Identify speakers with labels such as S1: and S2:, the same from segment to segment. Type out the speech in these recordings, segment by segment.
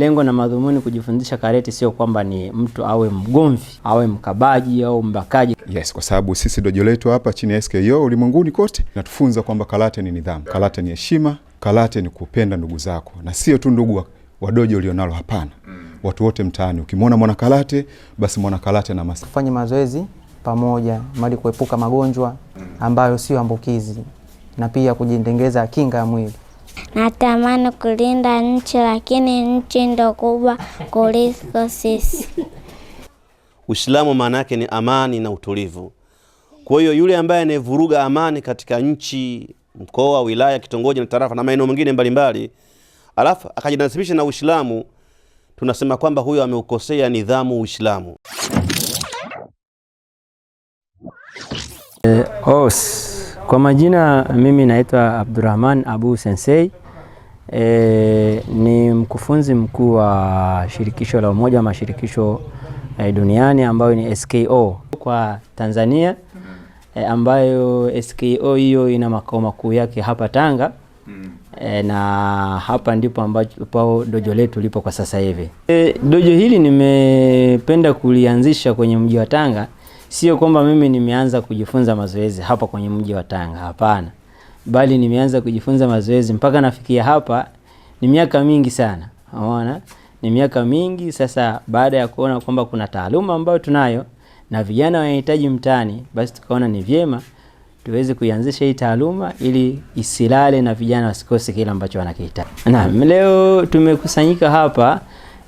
S1: Lengo na madhumuni kujifundisha karate sio kwamba ni mtu awe mgomvi, awe mkabaji au mbakaji.
S2: Yes, kwa sababu sisi dojo letu hapa chini ya SKO ulimwenguni kote natufunza kwamba karate ni nidhamu, karate ni heshima, karate ni kupenda ndugu zako na sio tu ndugu wa dojo ulionalo. Hapana, mm. watu wote mtaani, ukimwona mwana karate basi mwana karate na masi.
S1: Kufanya mazoezi pamoja mali kuepuka magonjwa mm. ambayo sio ambukizi na pia kujitengeza kinga ya mwili.
S3: Natamani kulinda nchi, lakini nchi ndo kubwa kuliko sisi.
S4: Uislamu maana yake ni amani na utulivu. Kwa hiyo yule ambaye anayevuruga amani katika nchi, mkoa, wilaya, kitongoji na tarafa na maeneo mengine mbalimbali, alafu akajinasibisha na Uislamu, tunasema kwamba huyo ameukosea nidhamu Uislamu.
S1: Eh, os kwa majina mimi naitwa Abdurrahman Abu Sensei. E, ni mkufunzi mkuu wa shirikisho la umoja wa mashirikisho e, duniani ambayo ni SKO kwa Tanzania e, ambayo SKO hiyo ina makao makuu yake hapa Tanga e, na hapa ndipo ambapo dojo letu lipo kwa sasa hivi. E, dojo hili nimependa kulianzisha kwenye mji wa Tanga Sio kwamba mimi nimeanza kujifunza mazoezi hapa kwenye mji wa Tanga, hapana, bali nimeanza kujifunza mazoezi mpaka nafikia hapa ni miaka mingi sana. Unaona, ni miaka mingi sasa. Baada ya kuona kwamba kuna taaluma ambayo tunayo na vijana wanahitaji mtaani, basi tukaona ni vyema tuweze kuianzisha hii taaluma ili isilale na vijana wasikose kile ambacho wanakihitaji. Naam, leo tumekusanyika hapa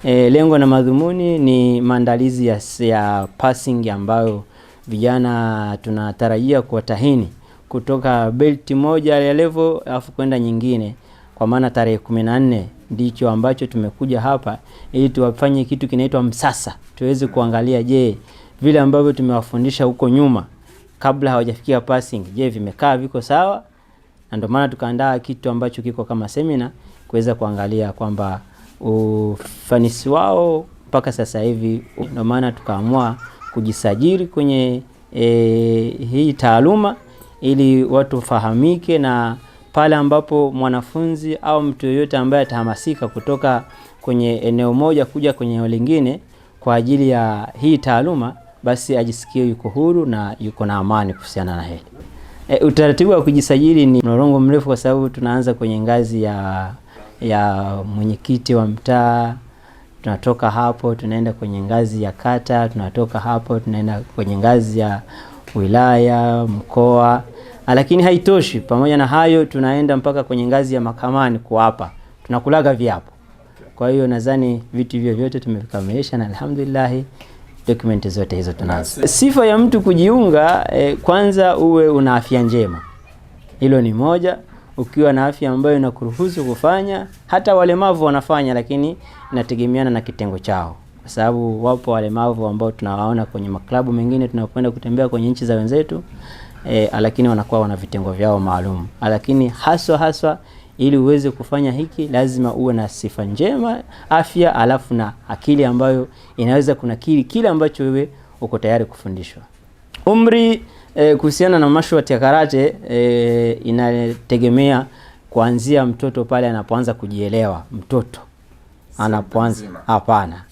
S1: e, lengo na madhumuni ni maandalizi ya, ya passing ambayo vijana tunatarajia kuwatahini kutoka belti moja ya level alafu kwenda nyingine, kwa maana tarehe kumi na nne ndicho ambacho tumekuja hapa ili tuwafanye kitu kinaitwa msasa, tuweze kuangalia, je, vile ambavyo tumewafundisha huko nyuma kabla hawajafikia passing, je, vimekaa viko sawa? Na ndio maana tukaandaa kitu ambacho kiko kama semina kuweza kuangalia kwamba ufanisi wao mpaka sasa hivi. Ndio maana tukaamua kujisajili kwenye e, hii taaluma ili watu fahamike, na pale ambapo mwanafunzi au mtu yoyote ambaye atahamasika kutoka kwenye eneo moja kuja kwenye eneo lingine kwa ajili ya hii taaluma, basi ajisikie yuko huru na yuko na amani kuhusiana na hili. E, utaratibu wa kujisajili ni mlolongo mrefu, kwa sababu tunaanza kwenye ngazi ya ya mwenyekiti wa mtaa tunatoka hapo tunaenda kwenye ngazi ya kata, tunatoka hapo tunaenda kwenye ngazi ya wilaya, mkoa. Ah, lakini haitoshi, pamoja na hayo tunaenda mpaka kwenye ngazi ya mahakamani kuapa, tunakulaga viapo. Kwa hiyo nadhani vitu hivyo vyote tumevikamilisha na alhamdulillah, dokumenti zote hizo tunazo. Sifa ya mtu kujiunga eh, kwanza uwe una afya njema, hilo ni moja ukiwa na afya ambayo inakuruhusu kufanya. Hata walemavu wanafanya, lakini inategemeana na kitengo chao, kwa sababu wapo walemavu ambao tunawaona kwenye maklabu mengine tunapoenda kutembea kwenye nchi za wenzetu e, lakini wanakuwa wana vitengo vyao maalum, lakini haswa haswa ili uweze kufanya hiki lazima uwe na sifa njema, afya, alafu na akili ambayo inaweza kunakili kile ambacho wewe uko tayari kufundishwa. Umri e, kuhusiana na mashwat ya karate e, inategemea kuanzia mtoto pale anapoanza kujielewa mtoto anapoanza. Hapana,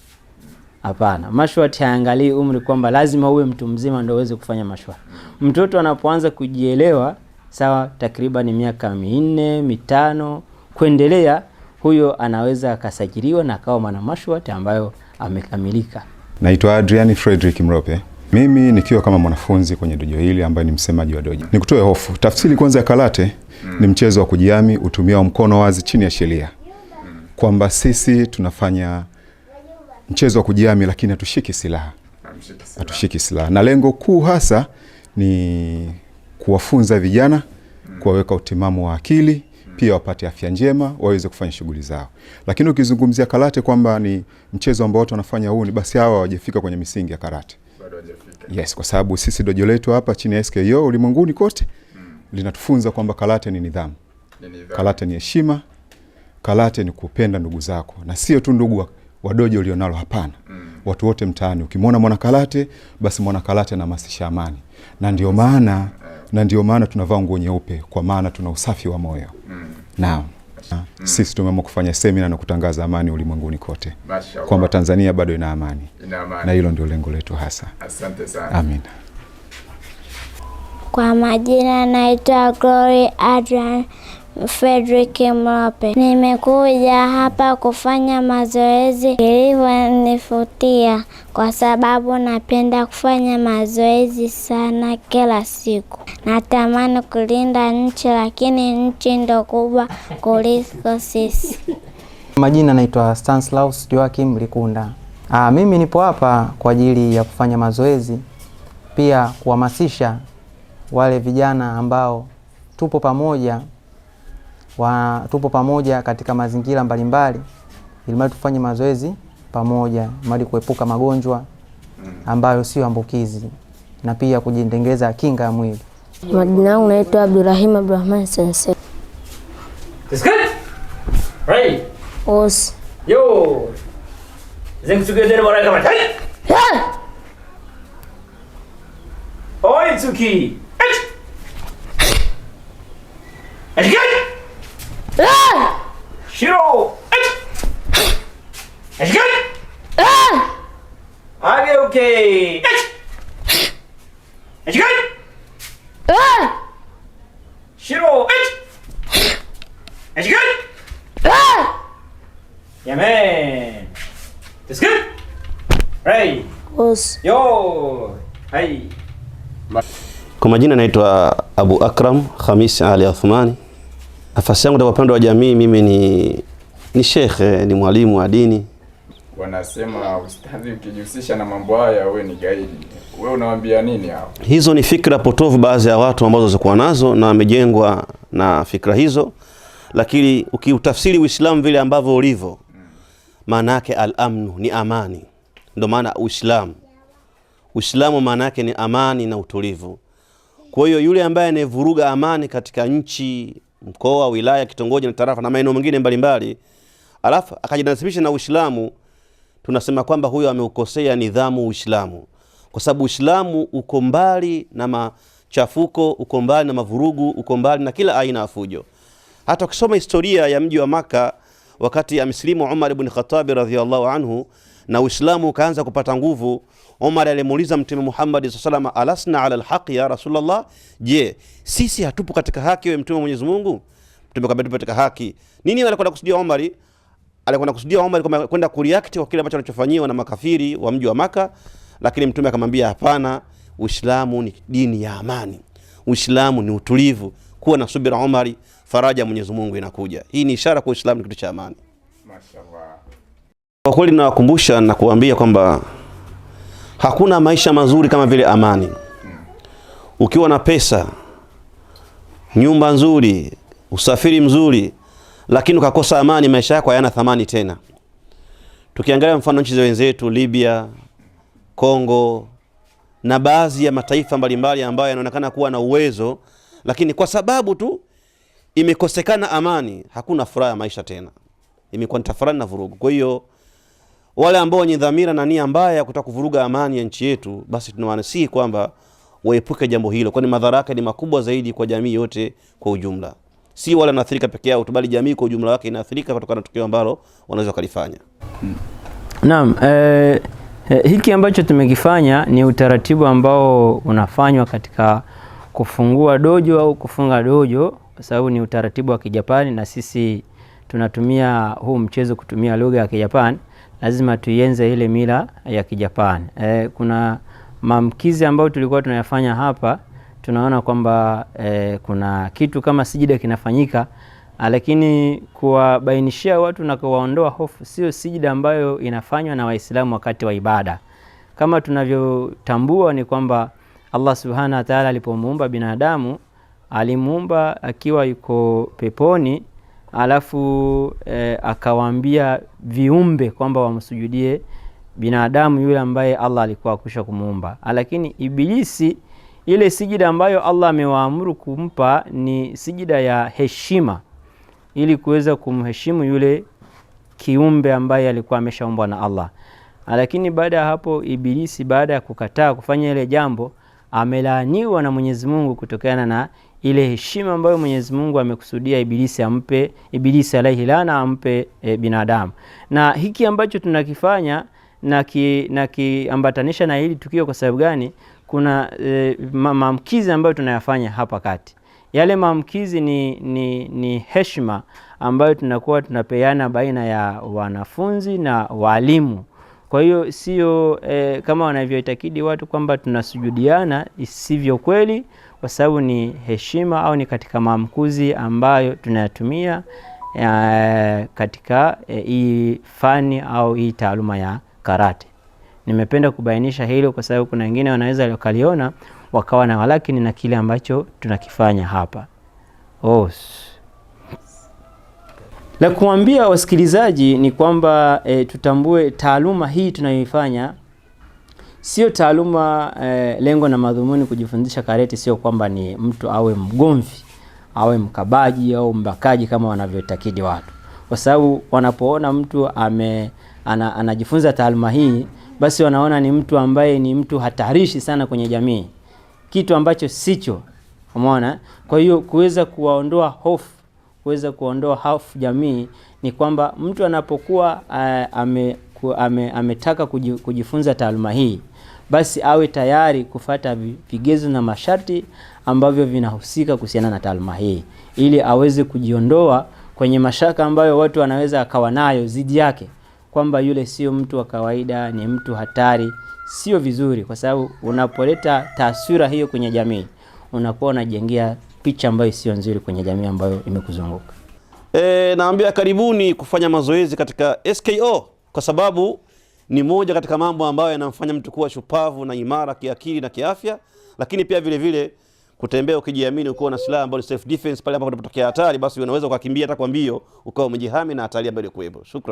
S1: hapana, mashwat haangalii umri kwamba lazima uwe mtu mzima ndio uweze kufanya mashwat. Mtoto anapoanza kujielewa sawa, takriban miaka minne mitano kuendelea, huyo anaweza akasajiliwa na akawa mwana mashwat ambayo amekamilika.
S2: Naitwa Adrian Frederick Mrope. Mimi nikiwa kama mwanafunzi kwenye dojo hili ambaye ni msemaji wa dojo, nikutoe hofu. Tafsiri kwanza ya karate ni mchezo wa kujiami utumiao mkono wazi chini ya sheria, kwamba sisi tunafanya mchezo wa kujiami, lakini hatushiki silaha, hatushiki silaha, na lengo kuu hasa ni kuwafunza vijana, mm. kuwaweka utimamu wa akili mm. pia wapate afya njema waweze kufanya shughuli zao. Lakini ukizungumzia karate kwamba ni mchezo ambao watu wanafanya huu, ni basi hawa hawajafika kwenye misingi ya karate. Yes, kwa sababu sisi dojo letu hapa chini ya SKO ulimwenguni kote mm. linatufunza kwamba karate ni nidhamu, ni nidhamu. Karate ni heshima, karate ni kupenda ndugu zako na sio tu ndugu wa, wa dojo ulionalo, hapana mm. watu wote mtaani, ukimwona mwana karate basi mwana karate anahamasisha amani, na ndio maana eh. na ndio maana tunavaa nguo nyeupe kwa maana tuna usafi wa moyo mm. naam Mm. Sisi tumeamua kufanya semina na kutangaza amani ulimwenguni kote kwamba Tanzania bado ina amani, ina amani, na hilo ndio lengo letu hasa. Asante sana. Amina.
S3: Kwa majina naitwa Glory Adrian Frederick Mlope. Nimekuja hapa kufanya mazoezi, ilivyonifutia kwa sababu napenda kufanya mazoezi sana kila siku. Natamani kulinda nchi, lakini nchi ndo kubwa kuliko sisi.
S1: Majina naitwa Stanislaus Joakim Likunda. Ah, mimi nipo hapa kwa ajili ya kufanya mazoezi pia kuhamasisha wale vijana ambao tupo pamoja wa, tupo pamoja katika mazingira mbalimbali ili mali tufanye mazoezi pamoja, mali kuepuka magonjwa mm. ambayo sio ambukizi na pia kujitengeza kinga ya mwili.
S5: Majina yangu naitwa Abdurahim Abdurahman
S6: Oi, Tsuki. Okay. Ah! Shiro. That's good. Ah! Yeah, man. That's good. Right. Yes. Yo. Hey.
S7: Kwa majina naitwa Abu Akram Khamis Ali Athmani. Nafasi yangu kwa upande wa jamii, mimi ni ni shekhe, ni mwalimu wa dini
S8: wanasema ustadhi, ukijihusisha na mambo haya wewe ni gaidi. Wewe unawaambia nini hao?
S7: Hizo ni fikra potofu baadhi ya watu ambazo wazokuwa nazo na wamejengwa na fikra hizo, lakini ukiutafsiri Uislamu vile ambavyo ulivyo, maana yake al-amnu ni amani. Ndio maana Uislamu, Uislamu maana yake ni amani na utulivu. Kwa hiyo yule ambaye anevuruga amani katika nchi, mkoa, wilaya, kitongoji na tarafa na maeneo mengine mbalimbali, alafu akajinasibisha na Uislamu tunasema kwamba huyo ameukosea nidhamu Uislamu, kwa sababu Uislamu uko mbali na machafuko, uko mbali na mavurugu, uko mbali na kila aina ya fujo. Hata ukisoma historia ya mji wa Maka wakati amesilimu Umar ibn Khattab radhiallahu anhu na Uislamu ukaanza kupata nguvu, Umar alimuuliza Mtume Muhammad sallallahu alaihi wasallam, alasna ala alhaq ya Rasulullah, je, sisi hatupo katika haki, we Mtume wa Mwenyezi Mungu? Mtume akamwambia tupo katika haki. Nini alikuwa kusudia Umari? alikwenda kusudia Omar kwenda kureact kwa kile ambacho anachofanyiwa na makafiri wa mji wa Maka, lakini mtume akamwambia hapana, Uislamu ni dini ya amani, Uislamu ni utulivu, kuwa na subira Omari, faraja Mwenyezi Mungu inakuja. Hii ni ishara kwa Uislamu ni kitu cha amani. Kwa kweli nawakumbusha na kuambia kwamba hakuna maisha mazuri kama vile amani. Ukiwa na pesa, nyumba nzuri, usafiri mzuri lakini ukakosa amani, maisha yako hayana thamani tena. Tukiangalia mfano nchi za wenzetu Libya, Kongo na baadhi ya mataifa mbalimbali ambayo yanaonekana kuwa na uwezo, lakini kwa sababu tu imekosekana amani, hakuna furaha ya maisha tena, imekuwa ni tafarani na vurugu. Kwa hiyo wale ambao wenye dhamira na nia mbaya ya kutaka kuvuruga amani ya nchi yetu, basi tunawasihi kwamba waepuke jambo hilo, kwani madhara yake ni makubwa zaidi kwa jamii yote kwa ujumla si wale wanaathirika peke yao bali jamii kwa ujumla wake inaathirika kutokana na tukio ambalo wanaweza kulifanya.
S1: Naam, eh, eh, hiki ambacho tumekifanya ni utaratibu ambao unafanywa katika kufungua dojo au kufunga dojo, kwa sababu ni utaratibu wa Kijapani na sisi tunatumia huu mchezo kutumia lugha ya Kijapani, lazima tuienze ile mila ya Kijapani. Eh, kuna maamkizi ambayo tulikuwa tunayafanya hapa tunaona kwamba e, kuna kitu kama sijida kinafanyika, ah, lakini kuwabainishia watu na kuwaondoa hofu sio sijida ambayo inafanywa na Waislamu wakati wa ibada. Kama tunavyotambua ni kwamba Allah subhanahu wa taala alipomuumba binadamu alimuumba akiwa yuko peponi, alafu e, akawaambia viumbe kwamba wamsujudie binadamu yule ambaye Allah alikuwa akwisha kumuumba, ah, lakini Ibilisi ile sijida ambayo Allah amewaamuru kumpa ni sijida ya heshima, ili kuweza kumheshimu yule kiumbe ambaye alikuwa ameshaumbwa na Allah. Lakini baada ya hapo, Ibilisi baada ya kukataa kufanya ile jambo, amelaaniwa na Mwenyezi Mungu kutokana na ile heshima ambayo Mwenyezi Mungu amekusudia Ibilisi ampe, Ibilisi alaihi lana ampe e, binadamu. Na hiki ambacho tunakifanya na kiambatanisha na hili tukio, kwa sababu gani? kuna e, maamkizi ambayo tunayafanya hapa kati. Yale maamkizi ni, ni, ni heshima ambayo tunakuwa tunapeana baina ya wanafunzi na walimu. Kwa hiyo sio e, kama wanavyoitakidi watu kwamba tunasujudiana, isivyo kweli, kwa sababu ni heshima au ni katika maamkuzi ambayo tunayatumia e, katika hii e, fani au hii taaluma ya karate. Nimependa kubainisha hilo kwa sababu kuna wengine wanaweza wakaliona wakawa na walakini na kile ambacho tunakifanya hapa. Os. La kuambia wasikilizaji ni kwamba e, tutambue taaluma hii tunayoifanya sio taaluma e, lengo na madhumuni kujifundisha karate, sio kwamba ni mtu awe mgomvi awe mkabaji au mbakaji kama wanavyotakidi watu, kwa sababu wanapoona mtu ame, ana, anajifunza taaluma hii basi wanaona ni mtu ambaye ni mtu hatarishi sana kwenye jamii, kitu ambacho sicho. Umeona? Kwa hiyo kuweza kuwaondoa hofu, kuweza kuwaondoa hofu jamii ni kwamba mtu anapokuwa uh, ame, ame, ametaka kujifunza taaluma hii basi awe tayari kufata vigezo na masharti ambavyo vinahusika kuhusiana na taaluma hii ili aweze kujiondoa kwenye mashaka ambayo watu wanaweza akawa nayo zidi yake kwamba yule sio mtu wa kawaida, ni mtu hatari, sio vizuri, kwa sababu unapoleta taswira hiyo kwenye jamii unakuwa unajengea picha ambayo sio nzuri kwenye jamii ambayo imekuzunguka.
S4: E, naambia karibuni kufanya mazoezi katika SKO kwa sababu ni moja katika mambo ambayo yanamfanya mtu kuwa shupavu na imara kiakili na kiafya, lakini pia vile vile kutembea ukijiamini, ukiwa na silaha ambayo ni self defense, pale ambapo unapotokea hatari, basi unaweza ukakimbia hata kwa mbio ukawa umejihami na hatari ambayo ilikuwepo. Shukrani.